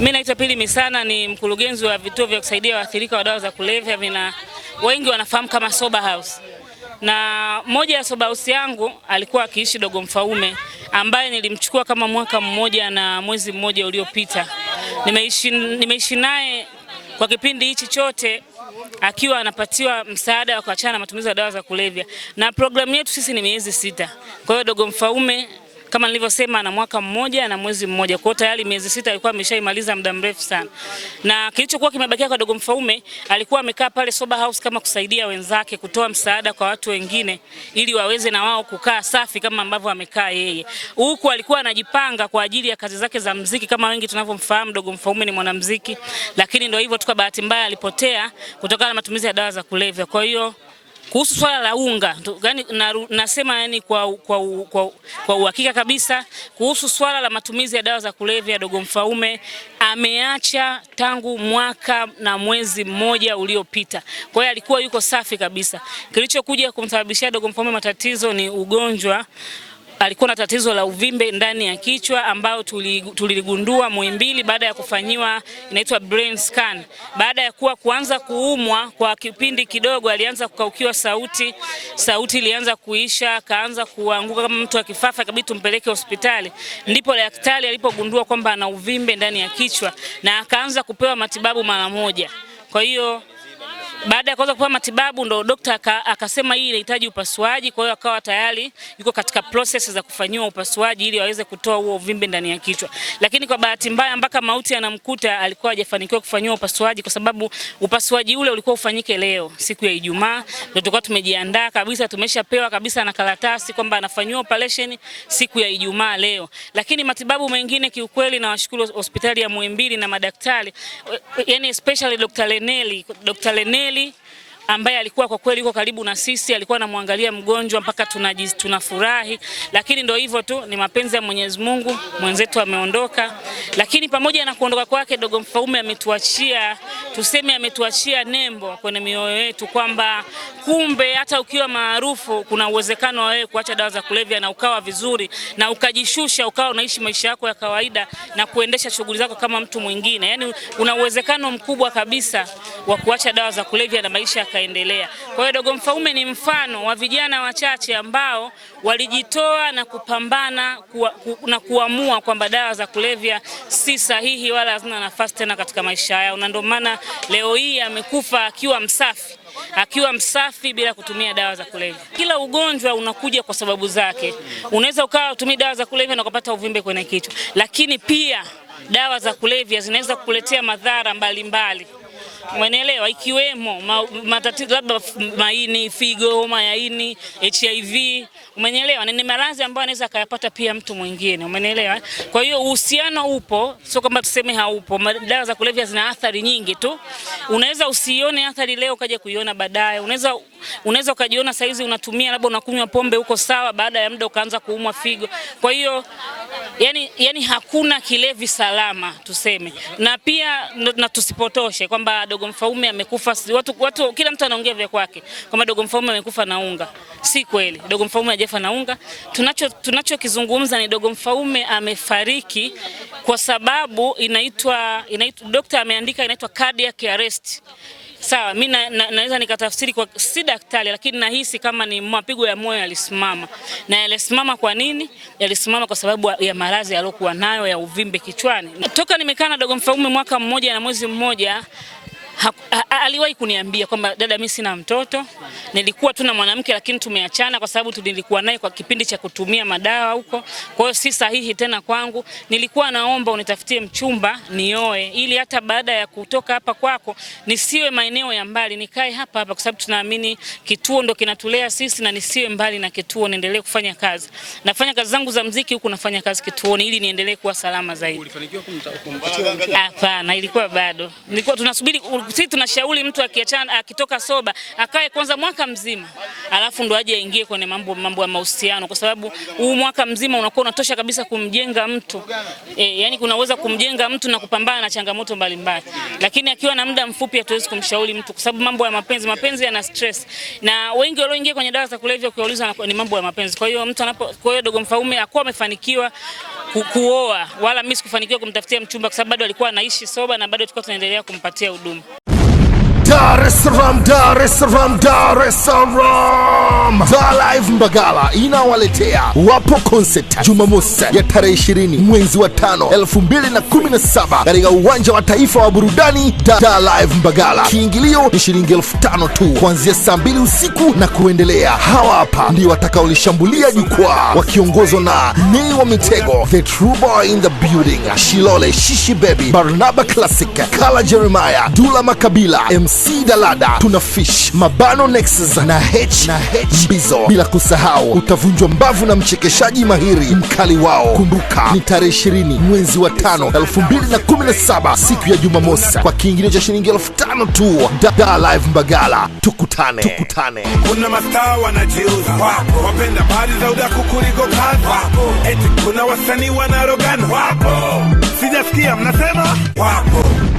Mimi naitwa Pili Misana, ni mkurugenzi wa vituo vya kusaidia waathirika wa dawa za kulevya, vina wengi wanafahamu kama Sober House. Na moja ya Sober House yangu alikuwa akiishi Dogo Mfaume ambaye nilimchukua kama mwaka mmoja na mwezi mmoja uliopita. Nimeishi nimeishi naye kwa kipindi hichi chote akiwa anapatiwa msaada wa kuachana na matumizi ya dawa za kulevya, na programu yetu sisi ni miezi sita. Kwa hiyo Dogo Mfaume kama nilivyosema, na mwaka mmoja na mwezi mmoja. Kwa tayari miezi sita alikuwa ameshaimaliza muda mrefu sana, na kilichokuwa kimebakia kwa Dogo Mfaume alikuwa amekaa pale Soba house kama kusaidia wenzake, kutoa msaada kwa watu wengine ili waweze na wao kukaa safi kama ambavyo amekaa yeye. Huku alikuwa anajipanga kwa ajili ya kazi zake za mziki, kama wengi tunavyomfahamu Dogo Mfaume ni mwanamuziki, lakini ndio hivyo tu, kwa bahati mbaya alipotea kutokana na matumizi ya dawa za kulevya. Kwa hiyo kuhusu swala la unga gani, nasema yani kwa, kwa, kwa, kwa uhakika kabisa kuhusu swala la matumizi ya dawa za kulevya, Dogo Mfaume ameacha tangu mwaka na mwezi mmoja uliopita. Kwa hiyo alikuwa yuko safi kabisa. Kilichokuja kumsababishia Dogo Mfaume matatizo ni ugonjwa alikuwa na tatizo la uvimbe ndani ya kichwa ambao tuligundua Muhimbili baada ya kufanyiwa inaitwa brain scan. Baada ya kuwa kuanza kuumwa kwa kipindi kidogo, alianza kukaukiwa sauti, sauti ilianza kuisha, akaanza kuanguka kama mtu akifafa ikabidi tumpeleke hospitali. Ndipo daktari alipogundua kwamba ana uvimbe ndani ya kichwa na akaanza kupewa matibabu mara moja. Kwa hiyo baada ya kuanza kupewa matibabu ndo dokta akasema hii inahitaji upasuaji, kwa hiyo akawa tayari yuko katika process za kufanyiwa upasuaji ili waweze kutoa huo uvimbe ndani ya kichwa. Lakini kwa bahati mbaya mpaka mauti anamkuta alikuwa hajafanikiwa kufanyiwa upasuaji kwa sababu upasuaji ule ulikuwa ufanyike leo siku ya Ijumaa, ndio tulikuwa tumejiandaa kabisa, tumeshapewa kabisa na karatasi kwamba anafanyiwa operation siku ya Ijumaa leo. Lakini matibabu mengine kiukweli, na washukuru hospitali ya Muhimbili na madaktari, eh, eh, yani especially Dr. Leneli, Dr. Leneli kweli ambaye alikuwa kwa kweli yuko karibu na sisi, alikuwa anamwangalia mgonjwa mpaka tunajiz, tunafurahi. Lakini ndio hivyo tu, ni mapenzi ya Mwenyezi Mungu, mwenzetu ameondoka. Lakini pamoja na kuondoka kwake, Dogo Mfaume ametuachia tuseme, ametuachia nembo kwenye mioyo yetu kwamba kumbe hata ukiwa maarufu kuna uwezekano wa wewe kuacha dawa za kulevya na ukawa vizuri na ukajishusha ukawa unaishi maisha yako ya kawaida na kuendesha shughuli zako kama mtu mwingine. Yaani una uwezekano mkubwa kabisa wa kuacha dawa za kulevya na maisha ya ikaendelea. Kwa hiyo Dogo Mfaume ni mfano wa vijana wachache ambao walijitoa na kupambana kuwa, ku, na kuamua kwamba dawa za kulevya si sahihi wala hazina nafasi tena katika maisha yao, na ndio maana leo hii amekufa akiwa msafi akiwa msafi bila kutumia dawa za kulevya. Kila ugonjwa unakuja kwa sababu zake. Unaweza ukawa utumii dawa za kulevya na ukapata uvimbe kwenye kichwa, lakini pia dawa za kulevya zinaweza kukuletea madhara mbalimbali mbali. Mwenelewa, ikiwemo matatizo labda maini, figo, homa ya ini, HIV. Umenelewa, ni maradhi ambayo anaweza akayapata pia mtu mwingine. Umenelewa? Kwa hiyo uhusiano upo, sio kwamba tuseme haupo. Dawa za kulevya zina athari nyingi tu. Unaweza usione athari leo ukaja kuiona baadaye. Unaweza unaweza ukajiona saizi unatumia labda unakunywa pombe huko sawa, baada ya muda ukaanza kuumwa figo. Kwa hiyo yani, yani hakuna kilevi salama tuseme, na pia na tusipotoshe kwamba Dogo Mfaume amekufa. Watu, watu kila mtu anaongea vya kwake kwamba Dogo Mfaume amekufa na unga. Si kweli, Dogo Mfaume hajafa na unga. Tunacho tunachokizungumza ni Dogo Mfaume amefariki kwa sababu inaitwa inaitwa, daktari ameandika inaitwa cardiac arrest sawa, mi na, na, naweza nikatafsiri kwa si daktari, lakini nahisi kama ni mapigo ya moyo yalisimama. Na yalisimama kwa nini? Yalisimama kwa sababu ya maradhi aliyokuwa nayo ya uvimbe kichwani. Toka nimekaa na Dogo Mfaume mwaka mmoja na mwezi mmoja aliwahi kuniambia kwamba dada, mimi sina mtoto, nilikuwa tu na mwanamke lakini tumeachana kwa sababu tulikuwa naye kwa kipindi cha kutumia madawa huko, kwa hiyo si sahihi tena kwangu. Nilikuwa naomba unitafutie mchumba nioe, ili hata baada ya kutoka hapa kwako nisiwe maeneo ya mbali, nikae hapa hapa, kwa sababu tunaamini kituo ndo kinatulea sisi, na nisiwe mbali na kituo, niendelee kufanya kazi. Nafanya kazi zangu za muziki huku, nafanya kazi kituoni, ili niendelee kuwa salama zaidi. Hapana, ilikuwa bado, nilikuwa tunasubiri sisi tunashauri mtu akiachana akitoka soba akae kwanza mwaka mzima, alafu ndo aje aingie kwenye mambo mambo ya mahusiano, kwa sababu huu mwaka mzima unakuwa unatosha kabisa kumjenga mtu e, yani kunaweza kumjenga mtu na kupambana na changamoto mbalimbali, lakini akiwa na muda mfupi hatuwezi kumshauri mtu, kwa sababu mambo ya mapenzi mapenzi yana stress, na wengi walioingia kwenye dawa za kulevya ukiuliza ni mambo ya mapenzi. Kwa hiyo mtu anapo, kwa hiyo dogo Mfaume akuwa amefanikiwa kuoa wala mimi sikufanikiwa kumtafutia mchumba kwa sababu bado alikuwa anaishi soba na bado tulikuwa tunaendelea kumpatia huduma. Dar es Salaam, Dar es Salaam, Dar es Salaam. Da Live Mbagala inawaletea wapo concert Jumamosi ya tarehe 20 mwezi wa 5 2017 katika uwanja wa taifa wa burudani da Live Mbagala. Kiingilio ni shilingi elfu tu kuanzia saa mbili usiku na kuendelea. Hawa hapa ndio watakaolishambulia jukwaa wakiongozwa na Nay wa Mitego, The True Boy in the Building, Shilole Shishi Baby, Barnaba Classic, Kala Jeremiah, Dula Makabila, MC sidalada tuna fish mabano nexus na h na h mbizo, bila kusahau utavunjwa mbavu na mchekeshaji mahiri mkali wao. Kumbuka ni tarehe 20 mwezi wa 5 2017 siku ya Jumamosi, kwa kiingilio cha shilingi elfu tano tu. da Live Mbagala, tukutane, tukutane. Kuna mastaa wanajiuza wapo, wapenda bali za udaku kuliko kazi wapo, eti kuna wasanii wanarogana wapo, sijasikia mnasema wapo